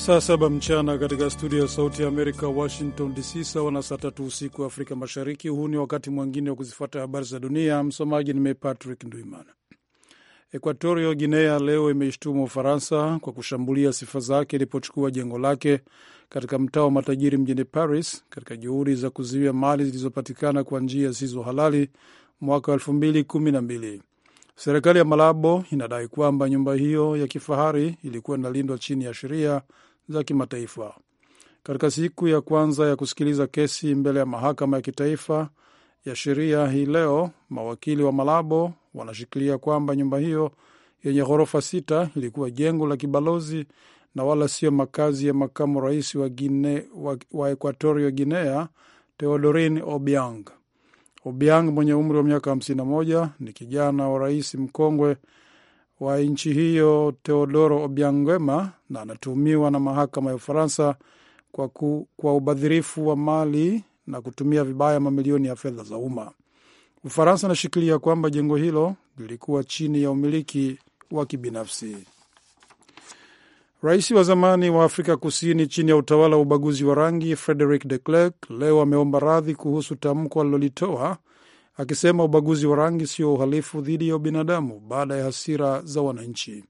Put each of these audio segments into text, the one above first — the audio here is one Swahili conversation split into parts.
Saa saba mchana katika studio ya Sauti ya Amerika, Washington DC, sawa na saa tatu usiku wa Afrika Mashariki. Huu ni wakati mwingine wa kuzifuata habari za dunia. Msomaji ni mimi Patrick Ndwimana. Ekuatorio Guinea leo imeishtumu Ufaransa kwa kushambulia sifa zake ilipochukua jengo lake katika mtaa wa matajiri mjini Paris, katika juhudi za kuzuia mali zilizopatikana kwa njia zisizo halali mwaka wa elfu mbili kumi na mbili. Serikali ya Malabo inadai kwamba nyumba hiyo ya kifahari ilikuwa inalindwa chini ya sheria za kimataifa. Katika siku ya kwanza ya kusikiliza kesi mbele ya mahakama ya kitaifa ya sheria hii leo, mawakili wa Malabo wanashikilia kwamba nyumba hiyo yenye ghorofa sita ilikuwa jengo la kibalozi na wala sio makazi ya makamu rais wa, Gine, wa, wa Ekuatorio Guinea Teodorin Obiang. Obiang mwenye umri wa miaka 51 ni kijana wa rais mkongwe wa nchi hiyo Teodoro obiangema na anatuhumiwa na mahakama ya Ufaransa kwa, ku, kwa ubadhirifu wa mali na kutumia vibaya mamilioni ya fedha za umma. Ufaransa anashikilia kwamba jengo hilo lilikuwa chini ya umiliki wa kibinafsi. Rais wa zamani wa Afrika Kusini chini ya utawala wa ubaguzi wa rangi Frederic de Klerk leo ameomba radhi kuhusu tamko alilolitoa akisema ubaguzi wa rangi sio uhalifu dhidi ya ubinadamu baada ya hasira za wananchi.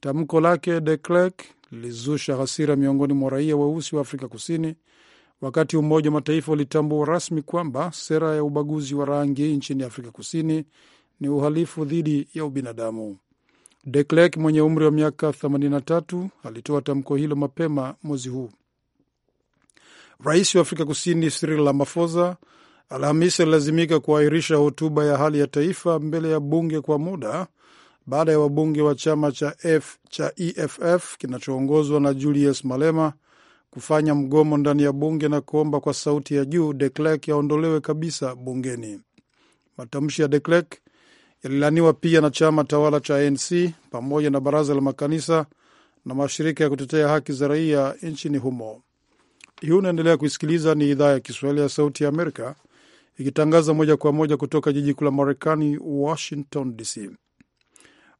Tamko lake De Klerk lilizusha hasira miongoni mwa raia weusi wa Afrika Kusini wakati Umoja wa Mataifa ulitambua rasmi kwamba sera ya ubaguzi wa rangi nchini Afrika Kusini ni uhalifu dhidi ya ubinadamu. De Klerk mwenye umri wa miaka 83 alitoa tamko hilo mapema mwezi huu. Rais wa Afrika Kusini Cyril Ramaphosa Alhamisi alilazimika kuahirisha hotuba ya hali ya taifa mbele ya bunge kwa muda baada ya wabunge wa chama cha, F, cha EFF kinachoongozwa na Julius Malema kufanya mgomo ndani ya bunge na kuomba kwa sauti ya juu de Klerk yaondolewe kabisa bungeni. Matamshi ya de Klerk yalilaniwa pia na chama tawala cha ANC pamoja na baraza la makanisa na mashirika ya kutetea haki za raia nchini humo. Hii unaendelea kuisikiliza, ni idhaa ya Kiswahili ya Sauti ya Amerika ikitangaza moja kwa moja kutoka jiji kuu la Marekani, Washington DC.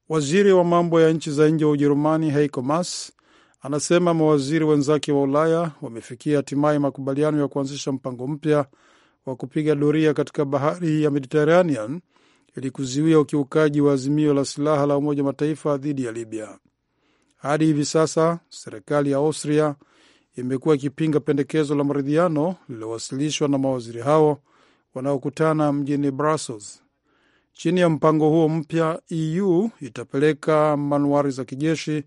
Waziri wa mambo ya nchi za nje wa Ujerumani Heiko Maas anasema mawaziri wenzake wa Ulaya wamefikia hatimaye makubaliano ya kuanzisha mpango mpya wa kupiga doria katika bahari ya Mediterranean ili kuzuia ukiukaji wa azimio la silaha la Umoja Mataifa dhidi ya Libya. Hadi hivi sasa serikali ya Austria imekuwa ikipinga pendekezo la maridhiano lililowasilishwa na mawaziri hao wanaokutana mjini Brussels. Chini ya mpango huo mpya, EU itapeleka manuari za kijeshi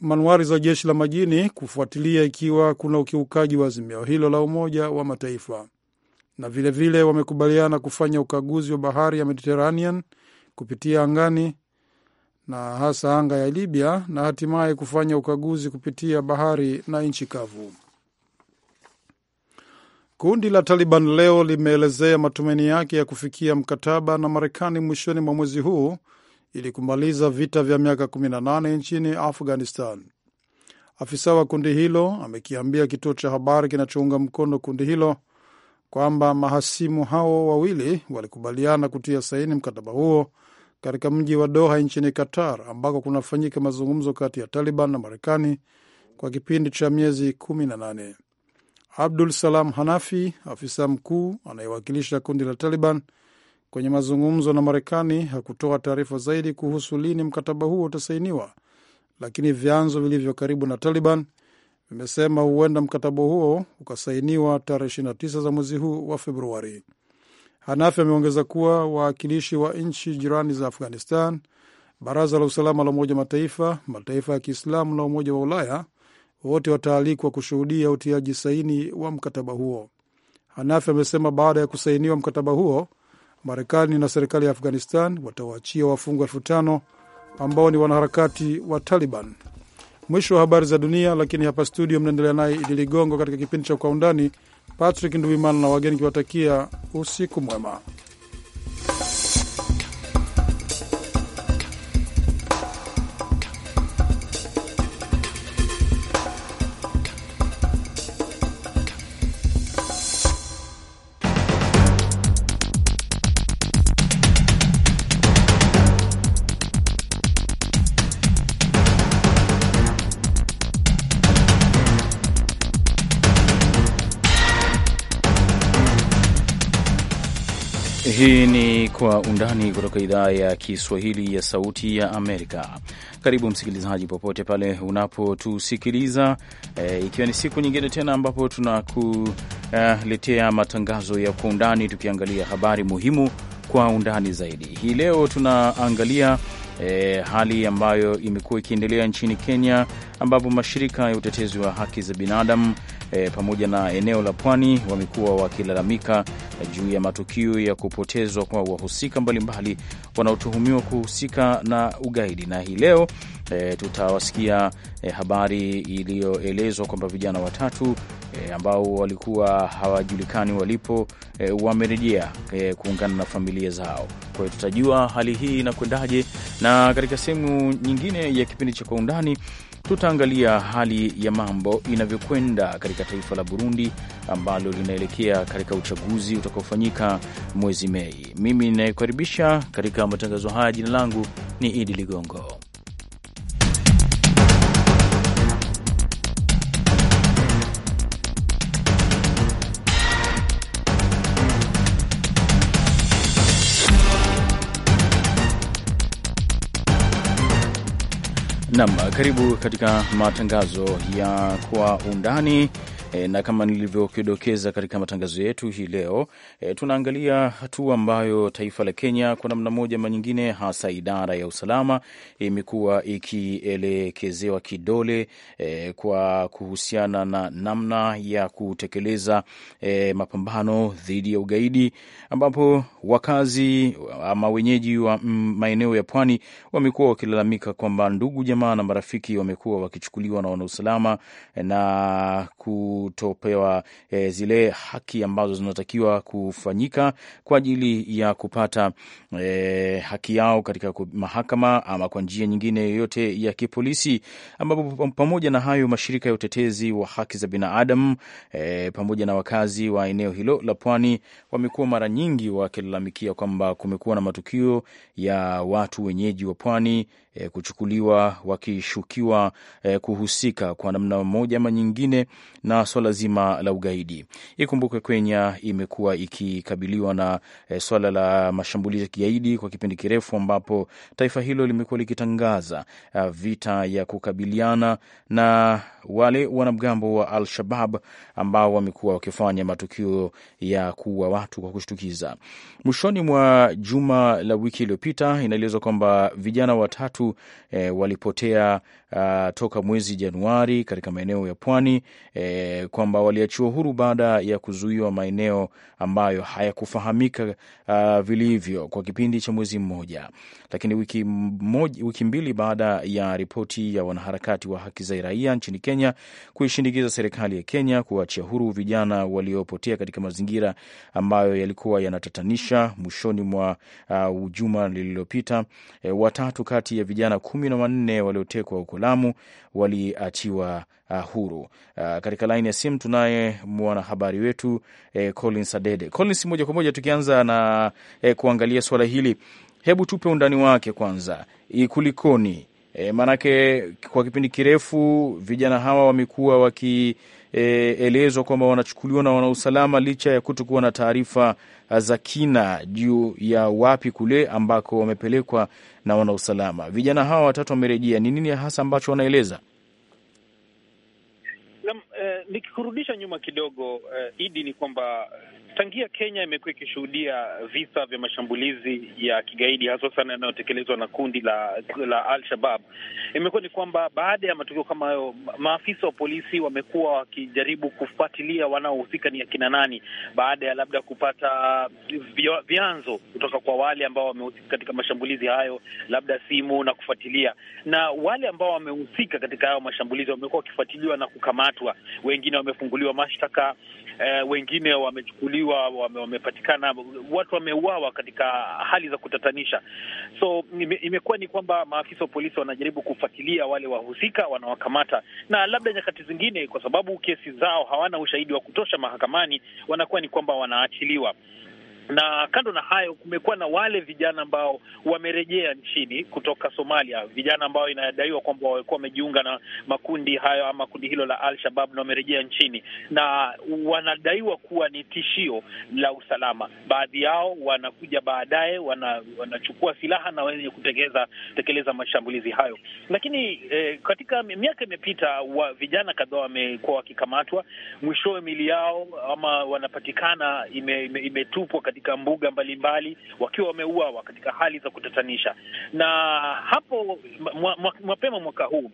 manuari za jeshi la majini kufuatilia ikiwa kuna ukiukaji wa azimio hilo la Umoja wa Mataifa, na vilevile vile wamekubaliana kufanya ukaguzi wa bahari ya Mediterranean kupitia angani na hasa anga ya Libya na hatimaye kufanya ukaguzi kupitia bahari na nchi kavu. Kundi la Taliban leo limeelezea matumaini yake ya kufikia mkataba na Marekani mwishoni mwa mwezi huu ili kumaliza vita vya miaka 18 nchini Afghanistan. Afisa wa kundi hilo amekiambia kituo cha habari kinachounga mkono kundi hilo kwamba mahasimu hao wawili walikubaliana kutia saini mkataba huo katika mji wa Doha nchini Qatar, ambako kunafanyika mazungumzo kati ya Taliban na Marekani kwa kipindi cha miezi 18. Abdul Salam Hanafi, afisa mkuu anayewakilisha kundi la Taliban kwenye mazungumzo na Marekani, hakutoa taarifa zaidi kuhusu lini mkataba huo utasainiwa, lakini vyanzo vilivyo karibu na Taliban vimesema huenda mkataba huo ukasainiwa tarehe 29 za mwezi huu wa Februari. Hanafi ameongeza kuwa wawakilishi wa nchi jirani za Afghanistan, baraza la usalama la Umoja Mataifa, mataifa ya Kiislamu na Umoja wa Ulaya wote wataalikwa kushuhudia utiaji saini wa mkataba huo. Hanafi amesema baada ya kusainiwa mkataba huo, Marekani na serikali ya Afghanistan watawaachia wafungwa elfu tano ambao ni wanaharakati wa Taliban. Mwisho wa habari za dunia, lakini hapa studio mnaendelea naye Idi Ligongo katika kipindi cha Kwa Undani. Patrick nduimana na wageni kiwatakia usiku mwema. Kwa Undani kutoka idhaa ya Kiswahili ya Sauti ya Amerika. Karibu msikilizaji, popote pale unapotusikiliza e, ikiwa ni siku nyingine tena ambapo tunakuletea eh, matangazo ya Kwa Undani, tukiangalia habari muhimu kwa undani zaidi. Hii leo tunaangalia e, hali ambayo imekuwa ikiendelea nchini Kenya ambapo mashirika ya utetezi wa haki za binadamu e, pamoja na eneo la pwani wamekuwa wakilalamika eh, juu ya matukio ya kupotezwa kwa wahusika mbalimbali wanaotuhumiwa kuhusika na ugaidi, na hii leo e, tutawasikia e, habari iliyoelezwa kwamba vijana watatu e, ambao walikuwa hawajulikani walipo e, wamerejea e, kuungana na familia zao. Kwa hiyo tutajua hali hii inakwendaje, na katika sehemu nyingine ya kipindi cha Kwa Undani tutaangalia hali ya mambo inavyokwenda katika taifa la Burundi ambalo linaelekea katika uchaguzi utakaofanyika mwezi Mei. Mimi ninayekaribisha katika matangazo haya, jina langu ni Idi Ligongo. nam karibu katika matangazo ya kwa undani E, na kama nilivyokidokeza katika matangazo yetu hii leo e, tunaangalia hatua ambayo taifa la Kenya kwa namna moja ama nyingine, hasa idara ya usalama imekuwa e, ikielekezewa kidole e, kwa kuhusiana na namna ya kutekeleza e, mapambano dhidi ya ugaidi, ambapo wakazi ama wenyeji wa mm, maeneo ya pwani wamekuwa wakilalamika kwamba ndugu jamaa na marafiki wamekuwa wakichukuliwa na wanausalama na ku kutopewa e, zile haki ambazo zinatakiwa kufanyika kwa ajili ya kupata e, haki yao katika mahakama ama kwa njia nyingine yoyote ya kipolisi, ambapo pamoja na hayo mashirika ya utetezi wa haki za binadamu e, pamoja na wakazi wa eneo hilo la pwani wamekuwa mara nyingi wakilalamikia kwamba kumekuwa na matukio ya watu wenyeji wa pwani e, kuchukuliwa wakishukiwa e, kuhusika kwa namna moja ama nyingine na swala zima la ugaidi. Ikumbukwe Kenya imekuwa ikikabiliwa na e, swala la mashambulizi ya kigaidi kwa kipindi kirefu, ambapo taifa hilo limekuwa likitangaza a, vita ya kukabiliana na wale wanamgambo wa Al-Shabab ambao wamekuwa wakifanya matukio ya kuua watu kwa kushtukiza. Mwishoni mwa juma la wiki iliyopita, inaelezwa kwamba vijana watatu e, walipotea a, ah, toka mwezi Januari katika maeneo ya pwani e, kwamba waliachiwa huru baada ya kuzuiwa maeneo ambayo hayakufahamika ah, vilivyo kwa kipindi cha mwezi mmoja. Lakini wiki, moja, wiki mbili baada ya ripoti ya wanaharakati wa haki za raia nchini Kenya kuishinikiza serikali ya Kenya kuachia huru vijana waliopotea katika mazingira ambayo yalikuwa yanatatanisha mwishoni mwa uh, juma lililopita, e, watatu kati ya vijana kumi na wanne waliotekwa huko Lamu waliachiwa Uh, huru. Uh, katika laini ya simu tunaye mwanahabari wetu eh, Collins Adede. Collins, moja kwa moja tukianza na eh, kuangalia suala hili hebu tupe undani wake kwanza, kulikoni E, maanake kwa kipindi kirefu vijana hawa wamekuwa wakielezwa e, kwamba wanachukuliwa na wanausalama licha ya kutokuwa na taarifa za kina juu ya wapi kule ambako wamepelekwa na wanausalama. Vijana hawa watatu wamerejea, ni nini hasa ambacho wanaeleza? Nam, eh, nikikurudisha nyuma kidogo eh, Idi, ni kwamba Tangia Kenya imekuwa ikishuhudia visa vya mashambulizi ya kigaidi haswa sana yanayotekelezwa na kundi la, la Al-Shabab, imekuwa ni kwamba baada ya matukio kama hayo, maafisa wa polisi wamekuwa wakijaribu kufuatilia wanaohusika ni akina nani, baada ya labda kupata vyanzo kutoka kwa wale ambao wamehusika katika mashambulizi hayo, labda simu na kufuatilia, na wale ambao wamehusika katika hayo mashambulizi wamekuwa wakifuatiliwa na kukamatwa, wengine wamefunguliwa mashtaka eh, wengine wamechukuliwa, wame, wamepatikana, watu wameuawa katika hali za kutatanisha. So ime, imekuwa ni kwamba maafisa wa polisi wanajaribu kufuatilia wale wahusika, wanawakamata, na labda nyakati zingine, kwa sababu kesi zao hawana ushahidi wa kutosha mahakamani, wanakuwa ni kwamba wanaachiliwa na kando na hayo, kumekuwa na wale vijana ambao wamerejea nchini kutoka Somalia, vijana ambao inadaiwa kwamba walikuwa wamejiunga na makundi hayo ama kundi hilo la Al-Shabab na wamerejea nchini na wanadaiwa kuwa ni tishio la usalama. Baadhi yao wanakuja baadaye, wana, wanachukua silaha na wenye kutekeleza tekeleza mashambulizi hayo. Lakini eh, katika miaka imepita vijana kadhaa wamekuwa wakikamatwa, mwishowe mili yao ama wanapatikana imetupwa ime, ime katika mbuga mbalimbali wakiwa wameuawa katika hali za kutatanisha. Na hapo mapema mwaka huu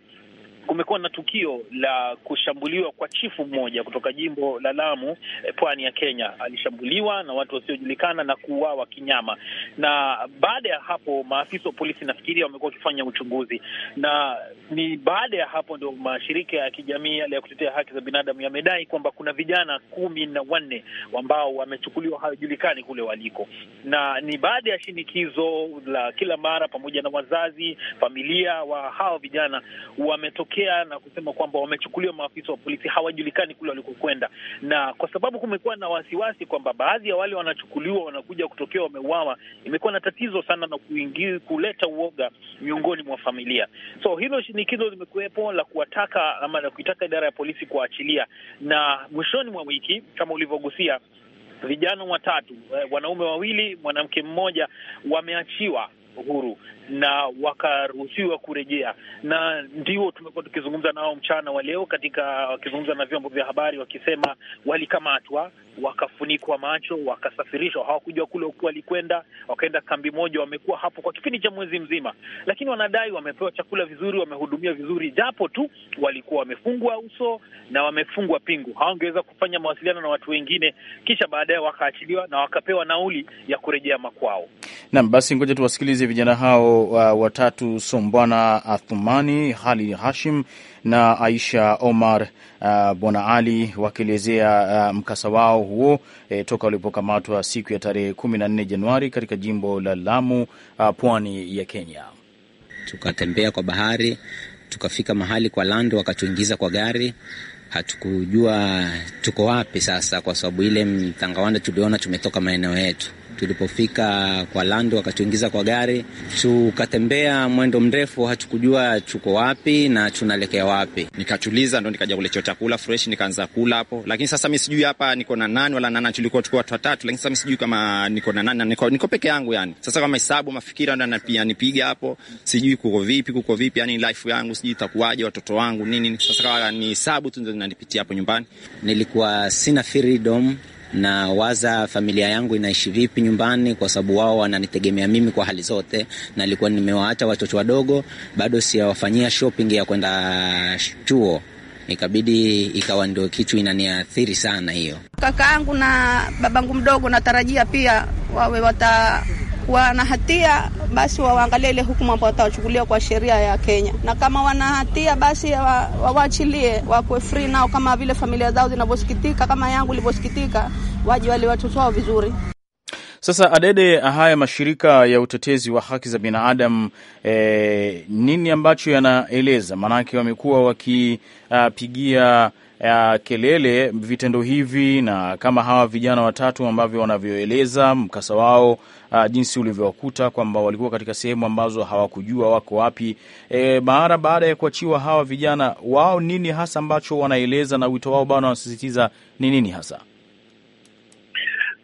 kumekuwa na tukio la kushambuliwa kwa chifu mmoja kutoka jimbo la Lamu, eh, pwani ya Kenya. Alishambuliwa na watu wasiojulikana na kuuawa kinyama, na baada ya hapo maafisa wa polisi nafikiria wamekuwa wakifanya uchunguzi, na ni baada ya hapo ndio mashirika ya kijamii yale ya kutetea haki za binadamu yamedai kwamba kuna vijana kumi na wanne ambao wamechukuliwa hawajulikani kule waliko, na ni baada ya shinikizo la kila mara pamoja na wazazi, familia wa hao vijana wametoka kuelekea na kusema kwamba wamechukuliwa maafisa wa polisi, hawajulikani kule walikokwenda, na kwa sababu kumekuwa na wasiwasi kwamba baadhi ya wale wanachukuliwa wanakuja kutokea wameuawa, imekuwa na tatizo sana na kuingi, kuleta uoga miongoni mwa familia. So hilo shinikizo limekuwepo la kuwataka ama la kuitaka idara ya polisi kuwaachilia, na mwishoni mwa wiki kama ulivyogusia vijana watatu eh, wanaume wawili mwanamke mmoja wameachiwa huru na wakaruhusiwa kurejea, na ndio tumekuwa tukizungumza nao mchana wa leo katika wakizungumza na vyombo vya habari wakisema walikamatwa wakafunikwa macho, wakasafirishwa, hawakujua kule walikwenda, wakaenda kambi moja, wamekuwa hapo kwa kipindi cha mwezi mzima, lakini wanadai wamepewa chakula vizuri, wamehudumia vizuri, japo tu walikuwa wamefungwa uso na wamefungwa pingu, hawangeweza kufanya mawasiliano na watu wengine. Kisha baadaye wakaachiliwa na wakapewa nauli ya kurejea makwao. Naam, basi ngoja tuwasikilize vijana hao uh, watatu: Sombwana Athumani, Hali Hashim na Aisha Omar uh, Bwana Ali wakielezea uh, mkasa wao huo e, toka walipokamatwa siku ya tarehe kumi na nne Januari katika jimbo la Lamu uh, pwani ya Kenya. Tukatembea kwa bahari tukafika mahali kwa lando, wakatuingiza kwa gari hatukujua tuko wapi sasa, kwa sababu ile mtangawanda tuliona tumetoka maeneo yetu Tulipofika kwa lando, wakatuingiza kwa gari, tukatembea mwendo mrefu, hatukujua tuko wapi na tunaelekea wapi. Nikatuliza, ndo nikaja kuletea chakula fresh, nikaanza kula hapo, lakini sasa mi sijui hapa niko na nani wala nani. Tulikuwa tuko watu watatu, lakini sasa mi sijui kama niko na nani, niko, niko peke yangu yani. Sasa kama hesabu mafikira ndo ananipiga hapo, sijui kuko vipi, kuko vipi, yani life yangu sijui itakuwaje, watoto wangu nini. Sasa kama ni hesabu tu ndo inanipitia hapo nyumbani, nilikuwa sina freedom na waza familia yangu inaishi vipi nyumbani, kwa sababu wao wananitegemea mimi kwa hali zote, na nilikuwa nimewaacha watoto wadogo, bado siyawafanyia shopping ya kwenda chuo ikabidi ikawa ndio kitu inaniathiri sana hiyo. Kakaangu na babangu mdogo natarajia pia wawe wata wana hatia basi waangalie ile hukumu ambayo watawachukulia kwa sheria ya Kenya, na kama wana hatia basi wawaachilie wakuwe free nao, kama vile familia zao zinavyosikitika, kama yangu ilivyosikitika, waje wale watoto wao vizuri. Sasa Adede, haya mashirika ya utetezi wa haki za binadamu e, nini ambacho yanaeleza? Maanake wamekuwa wakipigia uh, eh, kelele vitendo hivi, na kama hawa vijana watatu ambavyo wanavyoeleza mkasa wao uh, jinsi ulivyowakuta kwamba walikuwa katika sehemu ambazo hawakujua wako wapi. E, mara baada ya kuachiwa hawa vijana wao, nini hasa ambacho wanaeleza na wito wao bana, wanasisitiza ni nini hasa?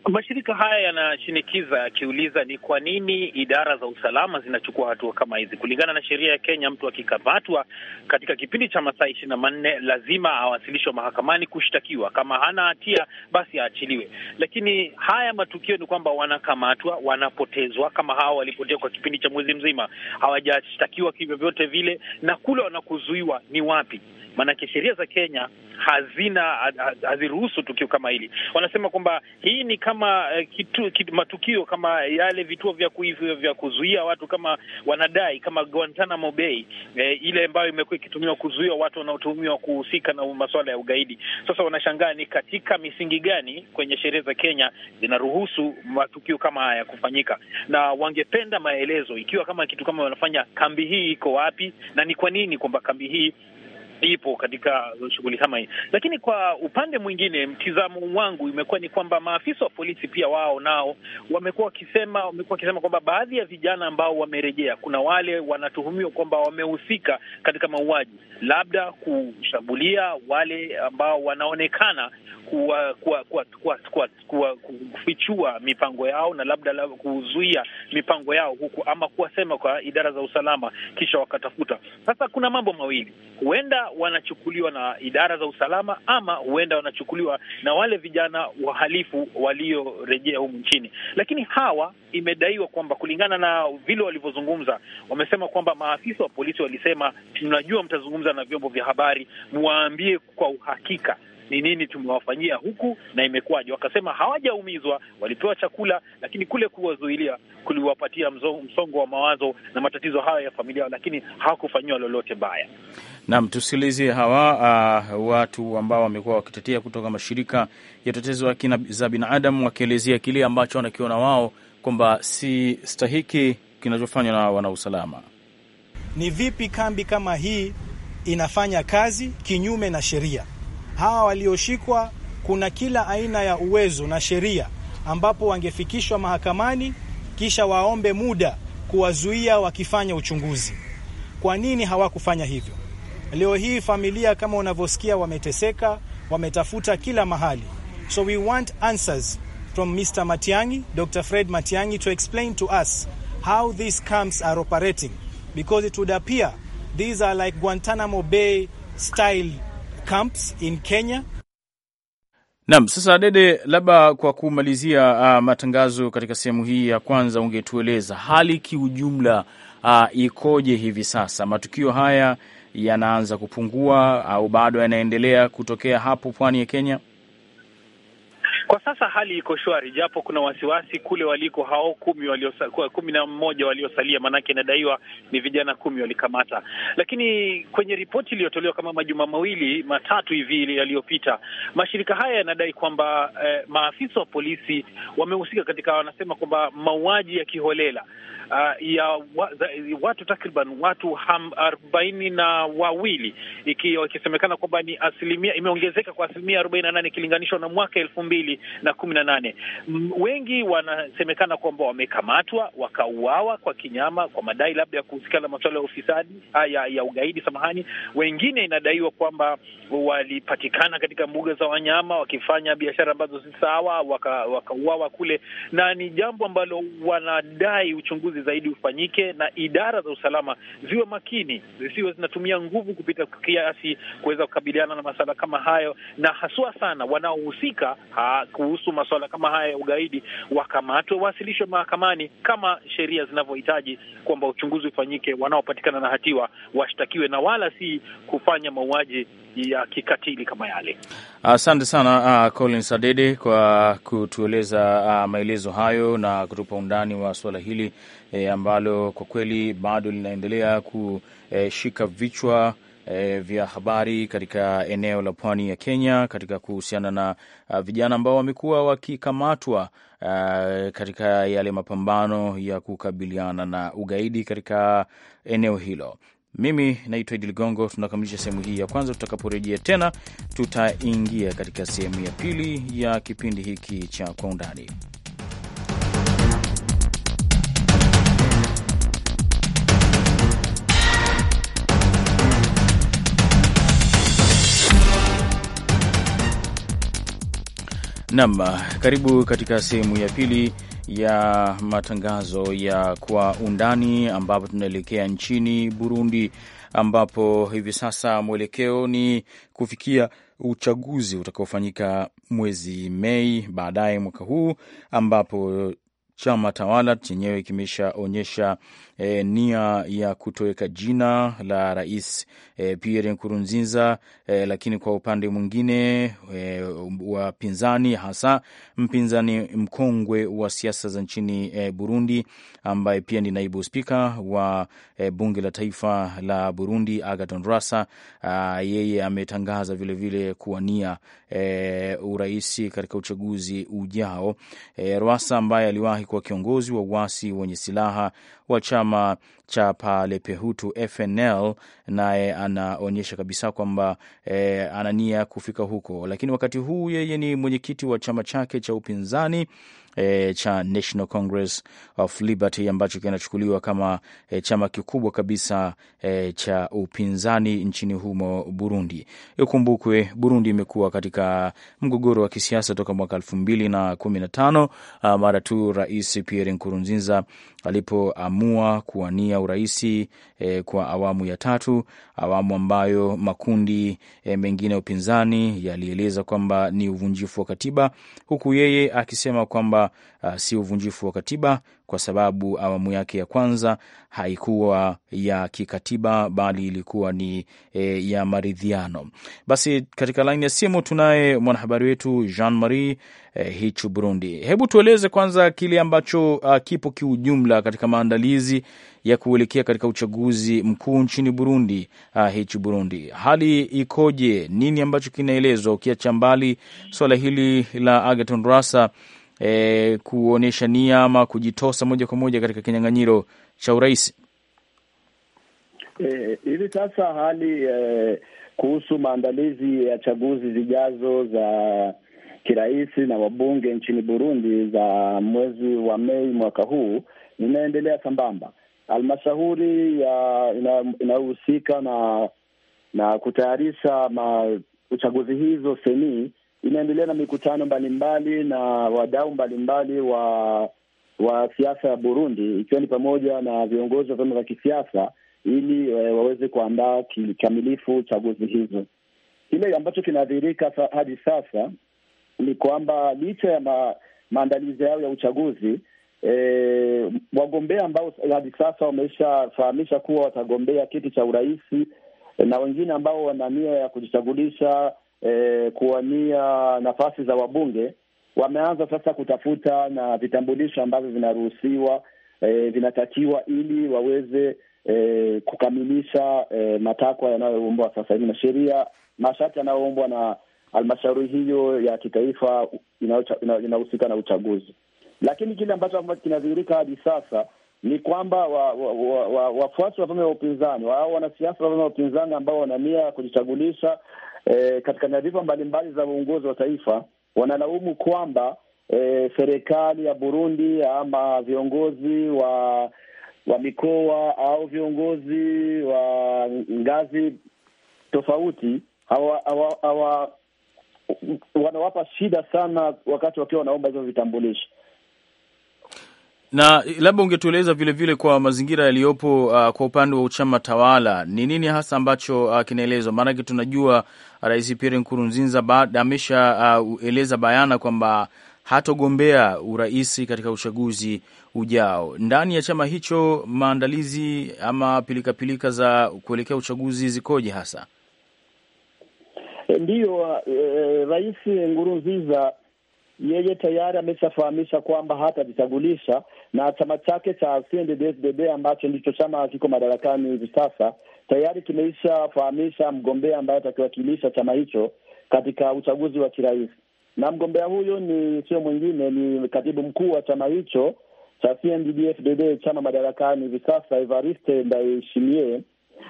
Mashirika haya yanashinikiza akiuliza ni kwa nini idara za usalama zinachukua hatua kama hizi. Kulingana na sheria ya Kenya, mtu akikamatwa katika kipindi cha masaa ishirini na manne lazima awasilishwe mahakamani kushtakiwa. Kama hana hatia, basi aachiliwe. Lakini haya matukio ni kwamba wanakamatwa, wanapotezwa, kama hawa walipotea kwa kipindi cha mwezi mzima, hawajashtakiwa kivyovyote vile, na kule wanakuzuiwa ni wapi? Maanake sheria za Kenya hazina haziruhusu tukio kama hili. Wanasema kwamba hii ni kama kama eh, kitu, kitu, matukio kama yale vituo vya kuivyo vya kuzuia watu kama wanadai kama Guantanamo Bay eh, ile ambayo imekuwa ikitumiwa kuzuia watu wanaotuhumiwa kuhusika na masuala ya ugaidi. Sasa wanashangaa ni katika misingi gani kwenye sheria za Kenya zinaruhusu matukio kama haya kufanyika, na wangependa maelezo ikiwa kama kitu kama wanafanya kambi hii iko wapi na ni kwa nini kwamba kambi hii ipo katika shughuli kama hii. Lakini kwa upande mwingine, mtizamo wangu imekuwa ni kwamba maafisa wa polisi pia wao nao wamekuwa wakisema, wamekuwa wakisema kwamba baadhi ya vijana ambao wamerejea, kuna wale wanatuhumiwa kwamba wamehusika katika mauaji, labda kushambulia wale ambao wanaonekana kuwa, kuwa, kuwa, kuwa, kuwa, kuwa, kufichua mipango yao na labda labda kuzuia mipango yao huku ama kuwasema kwa idara za usalama kisha wakatafuta. Sasa kuna mambo mawili, huenda wanachukuliwa na idara za usalama ama huenda wanachukuliwa na wale vijana wahalifu waliorejea humu nchini. Lakini hawa imedaiwa kwamba kulingana na vile walivyozungumza, wamesema kwamba maafisa wa polisi walisema, tunajua mtazungumza na vyombo vya habari, muwaambie kwa uhakika ni nini tumewafanyia huku na imekuwaje. Wakasema hawajaumizwa, walipewa chakula, lakini kule kuwazuilia kuliwapatia msongo wa mawazo na matatizo hayo ya familia, lakini hawakufanyiwa lolote baya. Naam, tusikilize hawa uh, watu ambao wamekuwa wakitetea kutoka mashirika ya tetezo haki za binadamu wakielezea kile ambacho wanakiona wao kwamba si stahiki kinachofanywa na wanausalama. Ni vipi kambi kama hii inafanya kazi kinyume na sheria? hawa walioshikwa, kuna kila aina ya uwezo na sheria ambapo wangefikishwa mahakamani kisha waombe muda kuwazuia wakifanya uchunguzi. Kwa nini hawakufanya hivyo? Leo hii familia kama unavyosikia wameteseka, wametafuta kila mahali. So we want answers from Mr. Matiangi, Dr. Fred Matiangi to explain to us how these camps are operating because it would appear these are like Guantanamo Bay style camps in Kenya. Naam, sasa Dede, labda kwa kumalizia uh, matangazo katika sehemu hii ya kwanza, ungetueleza hali kiujumla uh, ikoje hivi sasa? Matukio haya yanaanza kupungua au bado yanaendelea kutokea hapo pwani ya Kenya? Kwa sasa hali iko shwari, japo kuna wasiwasi kule waliko hao kumi waliosa, kumi na mmoja waliosalia, maanake inadaiwa ni vijana kumi walikamata. Lakini kwenye ripoti iliyotolewa kama majuma mawili matatu hivi yaliyopita, mashirika haya yanadai kwamba eh, maafisa wa polisi wamehusika katika, wanasema kwamba mauaji ya kiholela uh, ya wa, za, watu takriban watu ham, arobaini na wawili ikisemekana kwamba ni asilimia imeongezeka kwa asilimia arobaini na nane ikilinganishwa na mwaka elfu mbili na kumi na nane. Wengi wanasemekana kwamba wamekamatwa wakauawa kwa kinyama kwa madai labda ya kuhusikana na masuala ya ufisadi ya, ya ugaidi, samahani. Wengine inadaiwa kwamba walipatikana katika mbuga za wanyama wakifanya biashara ambazo si sawa, wakauawa waka kule, na ni jambo ambalo wanadai uchunguzi uchunguzi zaidi ufanyike na idara za usalama ziwe makini, zisiwe zinatumia nguvu kupita kiasi kuweza kukabiliana na masuala kama hayo, na haswa sana wanaohusika kuhusu masuala kama haya ya ugaidi wakamatwe, wawasilishwe mahakamani kama sheria zinavyohitaji, kwamba uchunguzi ufanyike, wanaopatikana na hatiwa washtakiwe na wala si kufanya mauaji ya kikatili kama yale. Asante sana uh, Collins Adede kwa kutueleza uh, maelezo hayo na kutupa undani wa suala hili eh, ambalo kwa kweli bado linaendelea kushika eh, vichwa E, vya habari katika eneo la pwani ya Kenya katika kuhusiana na uh, vijana ambao wamekuwa wakikamatwa uh, katika yale mapambano ya kukabiliana na ugaidi katika eneo hilo. Mimi naitwa Idi Ligongo. Tunakamilisha sehemu hii ya kwanza. Tutakaporejea tena, tutaingia katika sehemu ya pili ya kipindi hiki cha Kwa Undani. Nam, karibu katika sehemu ya pili ya matangazo ya Kwa Undani, ambapo tunaelekea nchini Burundi, ambapo hivi sasa mwelekeo ni kufikia uchaguzi utakaofanyika mwezi Mei baadaye mwaka huu, ambapo chama tawala chenyewe kimeshaonyesha e, nia ya kutoweka jina la rais e, Pierre Nkurunziza e, lakini kwa upande mwingine e, wapinzani hasa mpinzani mkongwe wa siasa za nchini e, Burundi ambaye pia ni naibu spika wa e, bunge la taifa la Burundi Agaton Rasa a, yeye ametangaza vilevile kuwania e, uraisi katika uchaguzi ujao e, Rasa ambaye aliwahi kuwa kiongozi wa uasi wenye silaha wa chama chama cha Palepehutu FNL naye anaonyesha kabisa kwamba e, eh, anania kufika huko, lakini wakati huu yeye ni mwenyekiti wa chama chake cha upinzani e, cha National Congress of Liberty ambacho kinachukuliwa kama e, chama kikubwa kabisa e, cha upinzani nchini humo Burundi. Ikumbukwe Burundi imekuwa katika mgogoro wa kisiasa toka mwaka elfu mbili na kumi na tano mara tu Rais Pierre Nkurunziza alipoamua kuwania uraisi e, kwa awamu ya tatu, awamu ambayo makundi e, mengine ya upinzani yalieleza kwamba ni uvunjifu wa katiba, huku yeye akisema kwamba uh, si uvunjifu wa katiba kwa sababu awamu yake ya kwanza haikuwa ya kikatiba bali ilikuwa ni e, ya maridhiano. Basi katika laini ya simu tunaye mwanahabari wetu Jean Marie e, eh, Hichu Burundi. Hebu tueleze kwanza kile ambacho uh, kipo kiujumla katika maandalizi ya kuelekea katika uchaguzi mkuu nchini Burundi. Uh, Hichu Burundi, hali ikoje? Nini ambacho kinaelezwa ukiacha mbali swala hili la Agaton Rasa? e, kuonyesha nia ama kujitosa moja kwa moja katika kinyang'anyiro cha urais e, hivi? E, sasa hali e, kuhusu maandalizi ya chaguzi zijazo za kirais na wabunge nchini Burundi za mwezi wa Mei mwaka huu inaendelea sambamba. Halmashauri inayohusika ina na na kutayarisha uchaguzi hizo seni inaendelea na mikutano mbalimbali na wadau mbalimbali wa wa siasa ya Burundi, ikiwa ni pamoja na viongozi wa vyama vya kisiasa ili eh, waweze kuandaa kikamilifu chaguzi hizo. Kile ambacho kinadhihirika sa, hadi sasa ni kwamba licha ya ma, maandalizi yao ya uchaguzi e, wagombea ambao hadi sasa wameshafahamisha kuwa watagombea kiti cha urais eh, na wengine ambao wana nia ya kujichagulisha e, kuwania nafasi za wabunge wameanza sasa kutafuta na vitambulisho ambavyo vinaruhusiwa e, vinatakiwa ili waweze e, kukamilisha e, matakwa yanayoumbwa sasa hivi na sheria, masharti yanayoumbwa na halmashauri hiyo ya kitaifa inahusika na uchaguzi. Lakini kile ambacho kinadhihirika hadi sasa ni kwamba wafuasi wa vyama vya upinzani au wanasiasa wa vyama vya upinzani ambao wana nia ya kujichagulisha e, katika nyadhifa mbalimbali za uongozi wa taifa wanalaumu kwamba e, serikali ya Burundi ama viongozi wa wa mikoa au viongozi wa ngazi tofauti hawa, wanawapa shida sana wakati wakiwa wanaomba hizo vitambulisho. Na labda ungetueleza vilevile kwa mazingira yaliyopo, uh, kwa upande wa uchama tawala ni nini hasa ambacho uh, kinaelezwa? Maanake tunajua uh, Rais Pierre Nkurunziza ameshaeleza uh, bayana kwamba hatogombea urais katika uchaguzi ujao. Ndani ya chama hicho, maandalizi ama pilikapilika -pilika za kuelekea uchaguzi zikoje hasa? Ndiyo, e, Rais Nkurunziza yeye tayari ameshafahamisha kwamba hatajichagulisha na chama chake cha CNDD-FDD ambacho ndicho chama kiko madarakani hivi sasa tayari kimeishafahamisha mgombea ambaye atakiwakilisha chama hicho katika uchaguzi wa kirais, na mgombea huyo ni sio mwingine, ni katibu mkuu wa chama hicho cha CNDD-FDD, chama madarakani hivi sasa, Evariste Ndayishimiye,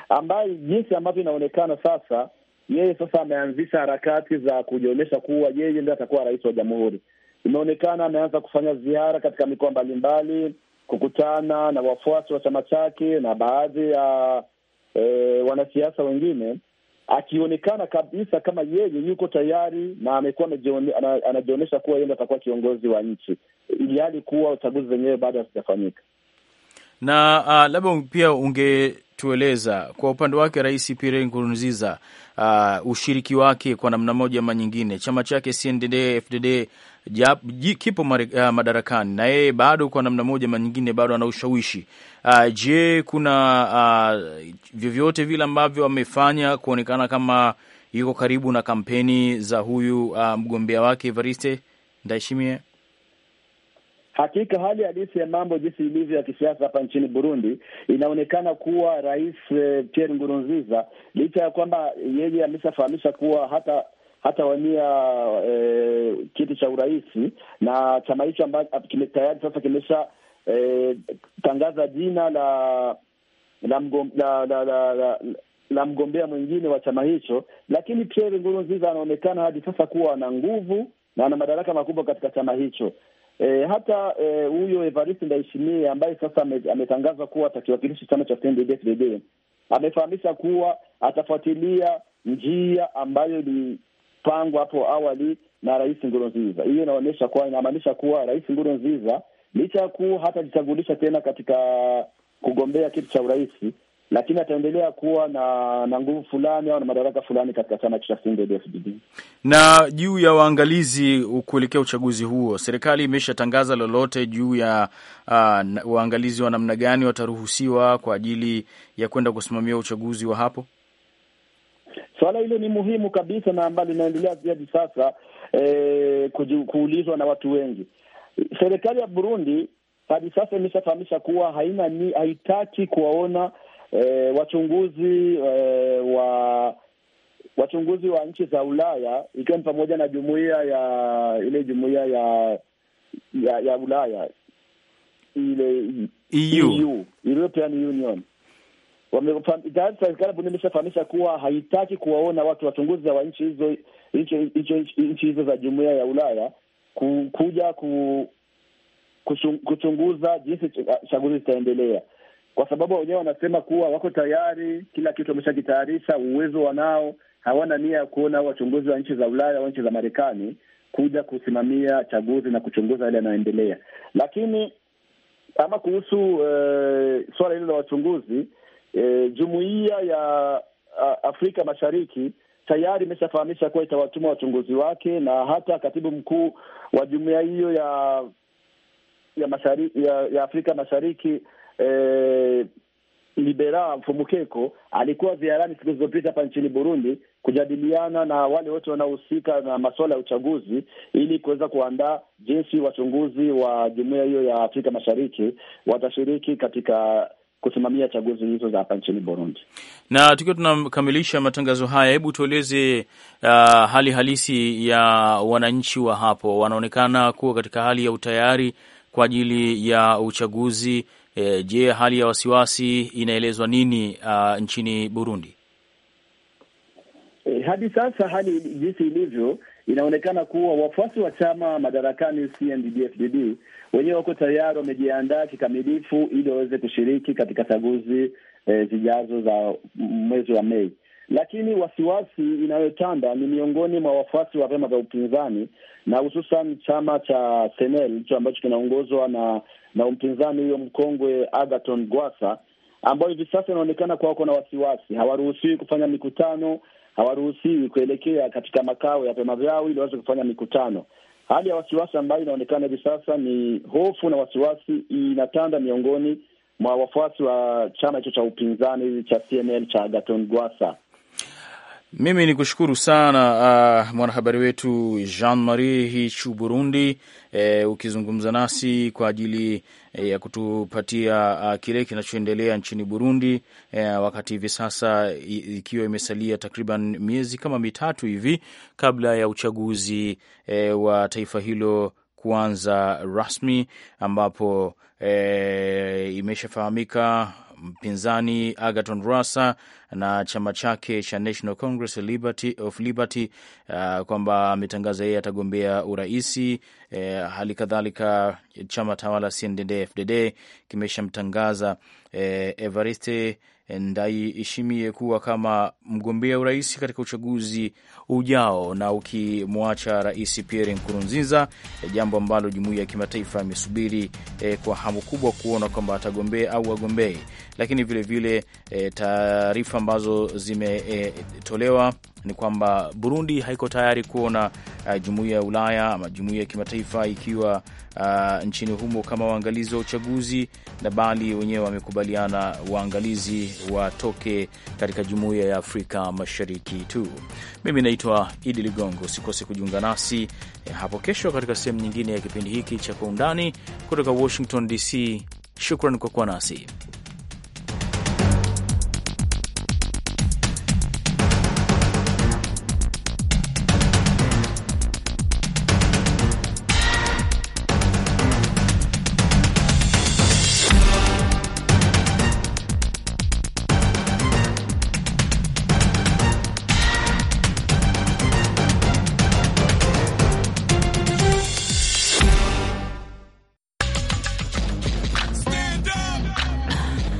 ambaye jinsi ambavyo inaonekana sasa, yeye sasa ameanzisha harakati za kujionyesha kuwa yeye ndiye atakuwa rais wa jamhuri imeonekana ameanza kufanya ziara katika mikoa mbalimbali, kukutana na wafuasi wa chama chake na baadhi ya e, wanasiasa wengine, akionekana kabisa kama yeye yuko tayari na amekuwa anajionyesha kuwa yeye ndiye atakuwa kiongozi wa nchi, ili kuwa uchaguzi wenyewe bado hazijafanyika. Na uh, labda pia ungetueleza kwa upande wake Rais Pierre Nkurunziza, uh, ushiriki wake kwa namna moja ama nyingine, chama chake CNDD FDD kipo eh, madarakani na yeye bado kwa namna moja ama nyingine bado ana ushawishi uh, je, kuna uh, vyovyote vile ambavyo amefanya kuonekana kama yuko karibu na kampeni za huyu uh, mgombea wake Evariste Ndayishimiye? Hakika hali halisi ya mambo jinsi ilivyo ya kisiasa hapa nchini Burundi, inaonekana kuwa rais e, Pierre Nkurunziza licha ya kwamba yeye ameshafahamisha kuwa hata wania e, kiti cha urais, na chama hicho tayari sasa kimesha e, tangaza jina la la, mgom, la, la, la, la la mgombea mwingine wa chama hicho, lakini Pierre Nkurunziza anaonekana hadi sasa kuwa ana nguvu na ana madaraka makubwa katika chama hicho. E, hata e, huyo e, Evariste Ndayishimiye ambaye sasa ametangazwa kuwa atakiwakilisha chama cha CNDD-FDD amefahamisha kuwa atafuatilia njia ambayo ni pangwa hapo awali na Rais Nkurunziza. Hiyo inaonyesha kuwa, inamaanisha kuwa Rais Nkurunziza licha ya kuwa hatajichagulisha tena katika kugombea kiti cha urais, lakini ataendelea kuwa na na nguvu fulani au na madaraka fulani katika chama cha CNDD-FDD. Na juu ya waangalizi kuelekea uchaguzi huo, serikali imeshatangaza lolote juu ya uh, ah, waangalizi wa namna gani wataruhusiwa kwa ajili ya kwenda kusimamia uchaguzi wa hapo? Swala hilo ni muhimu kabisa na ambalo linaendelea hadi sasa eh, kuulizwa na watu wengi. Serikali ya Burundi hadi sasa imeshafahamisha kuwa haina ni, haitaki kuwaona eh, wachunguzi eh, wa wachunguzi wa nchi za Ulaya ikiwa ni pamoja na jumuiya ya ile jumuiya ya ya, ya Ulaya ile EU, EU European Union tayari serikali Burundi imeshafahamisha kuwa haitaki kuwaona watu wachunguzi wa nchi hizo nchi hizo za jumuiya ya Ulaya ku, kuja ku, kuchunguza jinsi chaguzi zitaendelea, kwa sababu wenyewe wanasema kuwa wako tayari, kila kitu wameshakitayarisha, uwezo wanao, hawana nia ya kuona wachunguzi wa nchi za Ulaya au nchi za Marekani kuja kusimamia chaguzi na kuchunguza yale yanayoendelea. Lakini ama kuhusu uh, eh, suala hilo la wachunguzi e, jumuiya ya Afrika Mashariki tayari imeshafahamisha kuwa itawatuma wachunguzi wake na hata katibu mkuu wa jumuiya hiyo ya ya mashari, ya, ya Afrika Mashariki e, Libera Mfumukeko alikuwa ziarani siku zilizopita hapa nchini Burundi kujadiliana na wale wote wanaohusika na masuala ya uchaguzi ili kuweza kuandaa jinsi wachunguzi wa jumuiya hiyo ya Afrika Mashariki watashiriki katika kusimamia chaguzi hizo za hapa nchini Burundi. Na tukiwa tunakamilisha matangazo haya, hebu tueleze uh, hali halisi ya wananchi wa hapo. Wanaonekana kuwa katika hali ya utayari kwa ajili ya uchaguzi. E, je, hali ya wasiwasi inaelezwa nini uh, nchini Burundi? E, hadi sasa hali jinsi ilivyo inaonekana kuwa wafuasi wa chama madarakani CNDD-FDD wenyewe wako tayari wamejiandaa kikamilifu ili waweze kushiriki katika chaguzi e, zijazo za mwezi wa Mei, lakini wasiwasi inayotanda ni miongoni mwa wafuasi wa vyama vya upinzani na hususan chama cha Senel hicho ambacho kinaongozwa na na mpinzani huyo mkongwe agaton Gwasa, ambayo hivi sasa inaonekana kuwa wako na wasiwasi, hawaruhusiwi kufanya mikutano hawaruhusiwi kuelekea katika makao ya vyama vyao ili waweze kufanya mikutano. Hali ya wasiwasi ambayo inaonekana hivi sasa ni hofu na wasiwasi inatanda miongoni mwa wafuasi wa chama hicho cha upinzani cha CNL cha gaton Gwasa. Mimi ni kushukuru sana uh, mwanahabari wetu Jean Marie Hichu Burundi, eh, ukizungumza nasi kwa ajili eh, ya kutupatia uh, kile kinachoendelea nchini Burundi eh, wakati hivi sasa ikiwa imesalia takriban miezi kama mitatu hivi kabla ya uchaguzi eh, wa taifa hilo kuanza rasmi ambapo eh, imeshafahamika mpinzani Agaton Rasa na chama chake cha National Congress Liberty, of Liberty uh, kwamba ametangaza yeye atagombea uraisi. E, hali kadhalika chama tawala CNDD-FDD kimeshamtangaza e, Evariste Ndayishimiye kuwa kama mgombea urais katika uchaguzi ujao, na ukimwacha Rais Pierre Nkurunziza, jambo ambalo jumuiya ya kimataifa imesubiri uh, kwa hamu kubwa kuona kwamba atagombea au agombee lakini vilevile e, eh, taarifa ambazo zimetolewa e, ni kwamba Burundi haiko tayari kuona uh, jumuiya ya Ulaya ama jumuiya ya kimataifa ikiwa uh, nchini humo kama waangalizi wa uchaguzi, na bali wenyewe wamekubaliana waangalizi watoke katika jumuiya ya Afrika Mashariki tu. Mimi naitwa Idi Ligongo, usikose kujiunga nasi hapo kesho katika sehemu nyingine ya kipindi hiki cha Kwa Undani kutoka Washington DC. Shukran kwa kuwa nasi.